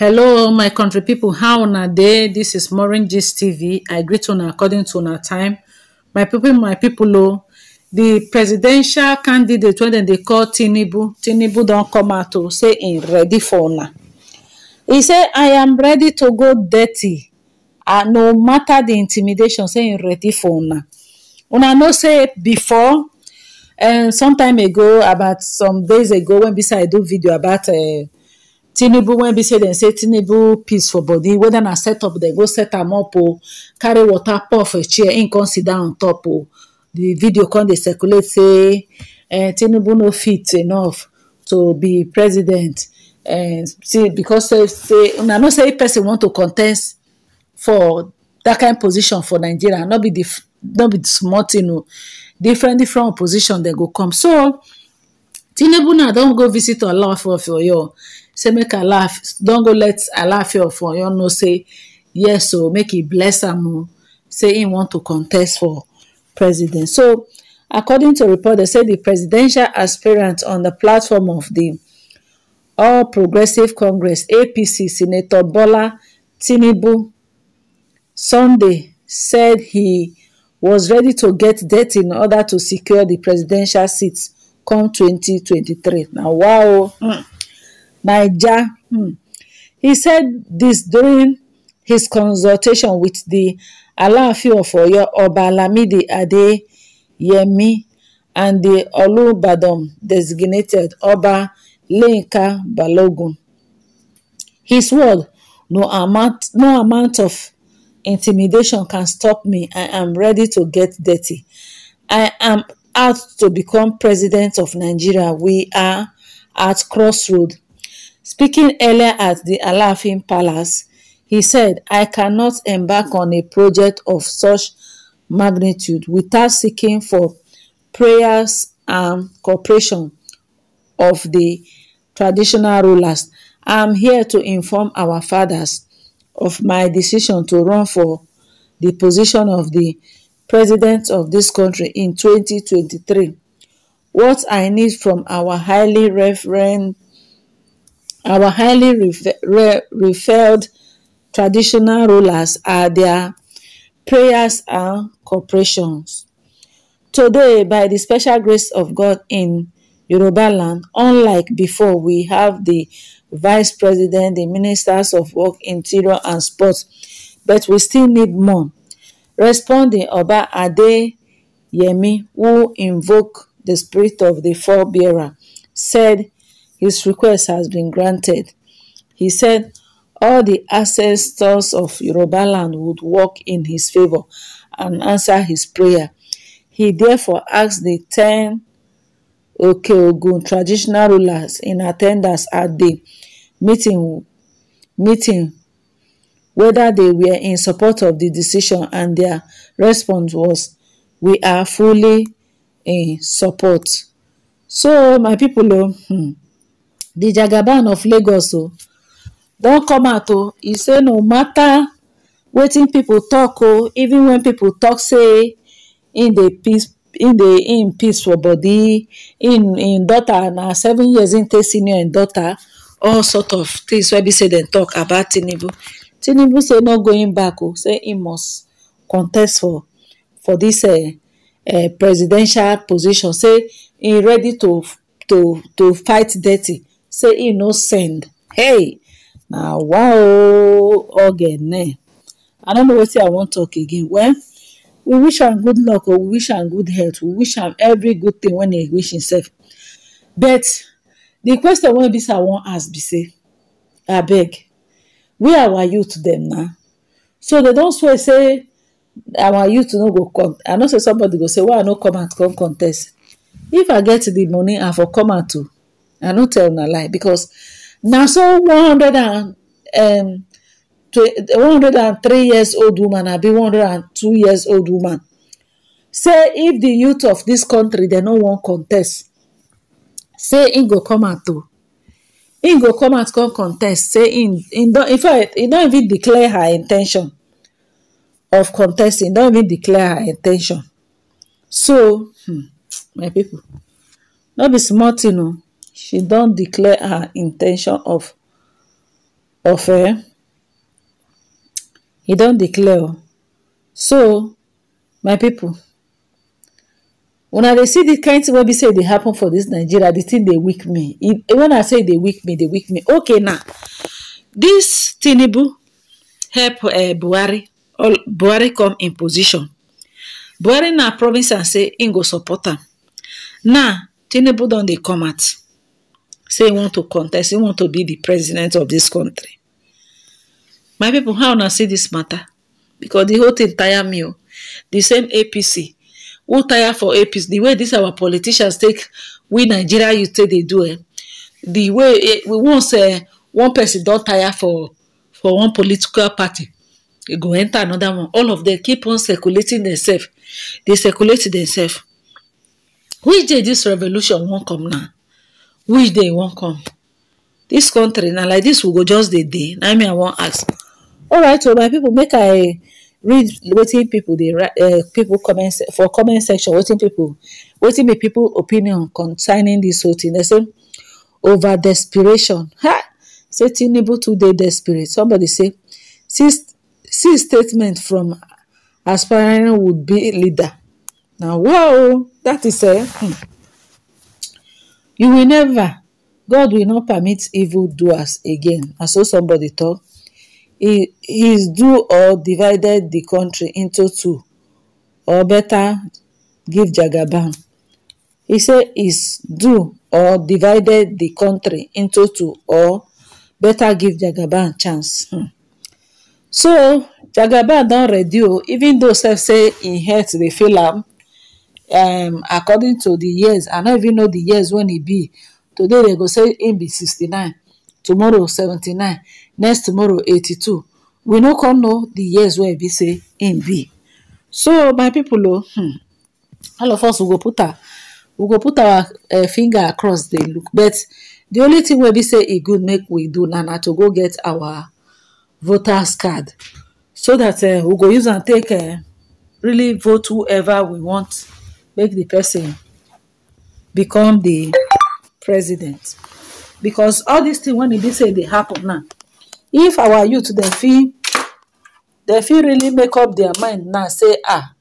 hello my country people. how a day? This is morin gist tv i greet on according to our time my people, my people. o oh. the presidential candidate when they call Tinibu Tinibu don't come out to oh, say in ready for na. He say i am ready to go dirty and ah, no matter the intimidation say ready for una I know say before eh, some time ago about some days ago when beside do video about eh, tinubu wey be say dem say tinubu peace for body weda na set up dem go set am up o carry water pour for chair im come sit down on top o di video come dey circulate say eh, tinubu no fit enough to be president eh, see becos say na no say if person want to contest for dat kain position for nigeria no be di no be di small tin o different different opposition dem go come so tinubu na don go visit alofa of oyo. say make alaafia don go let alaafia of oyo know say yes o make e bless am o say im want to contest for president so according to report say the presidential aspirant on the platform of the all progressive congress apc senator bola tinubu sunday said he was ready to get debt in order to secure the presidential seat come 2023 na wow hmm my ja hmm. he said this during his consultation with the Alaafin of Oyo Oba Lamidi Adeyemi and the Olubadan designated Oba Leyinka Balogun. His word, no amount, no amount of intimidation can stop me. I am ready to get dirty. I am out to become president of Nigeria. We are at crossroad. Speaking earlier at the Alafin Palace, he said, I cannot embark on a project of such magnitude without seeking for prayers and cooperation of the traditional rulers. I am here to inform our fathers of my decision to run for the position of the president of this country in 2023. What I need from our highly reverend Our highly refer, re, referred traditional rulers are their prayers and corporations. Today, by the special grace of God in Yoruba land, unlike before, we have the vice president, the ministers of work, interior, and sports, but we still need more. Responding Oba Adeyemi, who invoked the spirit of the forebearer, said, His request has been granted. He said all the ancestors of Yoruba land would work in his favor and answer his prayer. He therefore asked the ten Okeogun traditional rulers in attendance at the meeting, meeting whether they were in support of the decision and their response was, we are fully in support. So, my people, um, hmm, di jagaban of lagos o don come out o e say no matter wetin pipo talk o even when pipo talk say im dey peace im dey im peace for body im im daughter na seven years im take senior im daughter all sort of things wey be say dem talk about tinubu tinubu say no going back o say im must contest for for dis eh, eh, presidential position say im ready to to to fight dirty say he no send hey na wow again. ogene i don't know what say. i wan talk again well we wish am good luck or we wish am good health we wish am every good thing when e wish himself but the question wey dis i wan ask be say abeg where our youth dem na so dem don swear say our youth no go come i know say somebody go say why i no come out come contest if i get the money i for come out too. I don't tell no lie because now so 100 and um, 103 years old woman i be 102 years old woman say if the youth of this country they no want contest say Ingo go come out o im go come out come contest say im don in fact im don even declare her intention of contesting Don't even declare her intention so hmm, my don't be smart, you know. she don declare her in ten tion of of e don declare o. Oh. so my pipo una dey see di kind thing wey be say e dey happen for dis nigeria di tin dey weak me e, when i say e dey weak me e dey weak me ok now dis tinubu help eh, buhari buhari come in position buhari na promise am say im go support am now tinubu don dey come out. say he want to contest, he want to be the president of this country. My people, how I see this matter? Because the whole thing tire me. Oh. The same APC. Who tire for APC? The way these our politicians take, we Nigeria, you say they do it. Eh? The way eh, we once uh, one person don't tire for for one political party. You go enter another one. All of them keep on circulating themselves. They circulate themselves. Which day this revolution won't come now? which day wan come This country na like this we go just dey dey na me i wan ask alright o oh, my people make i read wetin people dey eh, people comment for comment section wetin people wetin be people opinion concerning this whole thing dem say over desperation ha say tinubu too dey desperate somebody say see see statement from aspiring would be leader na wow that is a. Eh, hmm. You will never, God will not permit evil doers again. And so somebody talk. He, his do or divided the country into two, or better, give Jagaban. He said his do or divided the country into two, or better, give Jagaban chance. Hmm. So Jagaban don ready o, even though sef say im health dey fail am. um according to the years i don't even know the years when it be today they go say im be 69 tomorrow 79 next tomorrow 82 we no come know the years where e be say im be so my people, o oh, hmm all of us we go put we go put our eh, finger across the look but the only thing where be say e good make we do nana to go get our voters card so that eh, we go use and take eh, really vote whoever we want make the person become the president because all these things when they be say they happen now if our youth dem fit dem fit really make up their mind now say ah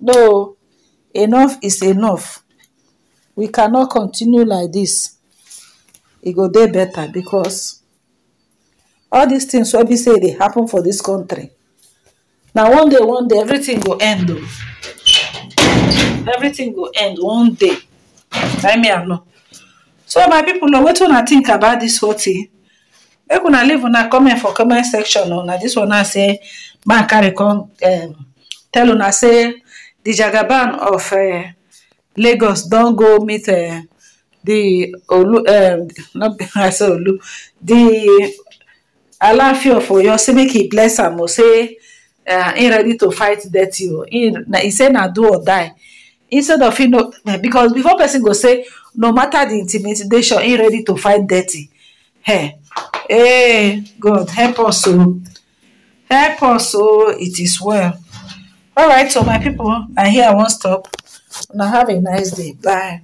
no enough is enough we cannot continue like this. It e go dey better because all these things wey be say they happen for this country Now one day one day everything will end o everything go end one day I may i know so my pipo know wetin una think about this whole thing make una leave una comment for comment section o this one I say man carry come um, tell una say the jagaban of eh, lagos don't go meet eh, the olu um, not i say olu The alaafin of oyo say make He bless him. o oh, say im eh, ready to fight dirty o oh. he say na do or die instead of you know eh, because before person go say no matter the intimidation he ready to fight dirty hey eh, eh, hey god help us so oh. help us so oh, it is well all right so my people i here i won't stop now have a nice day bye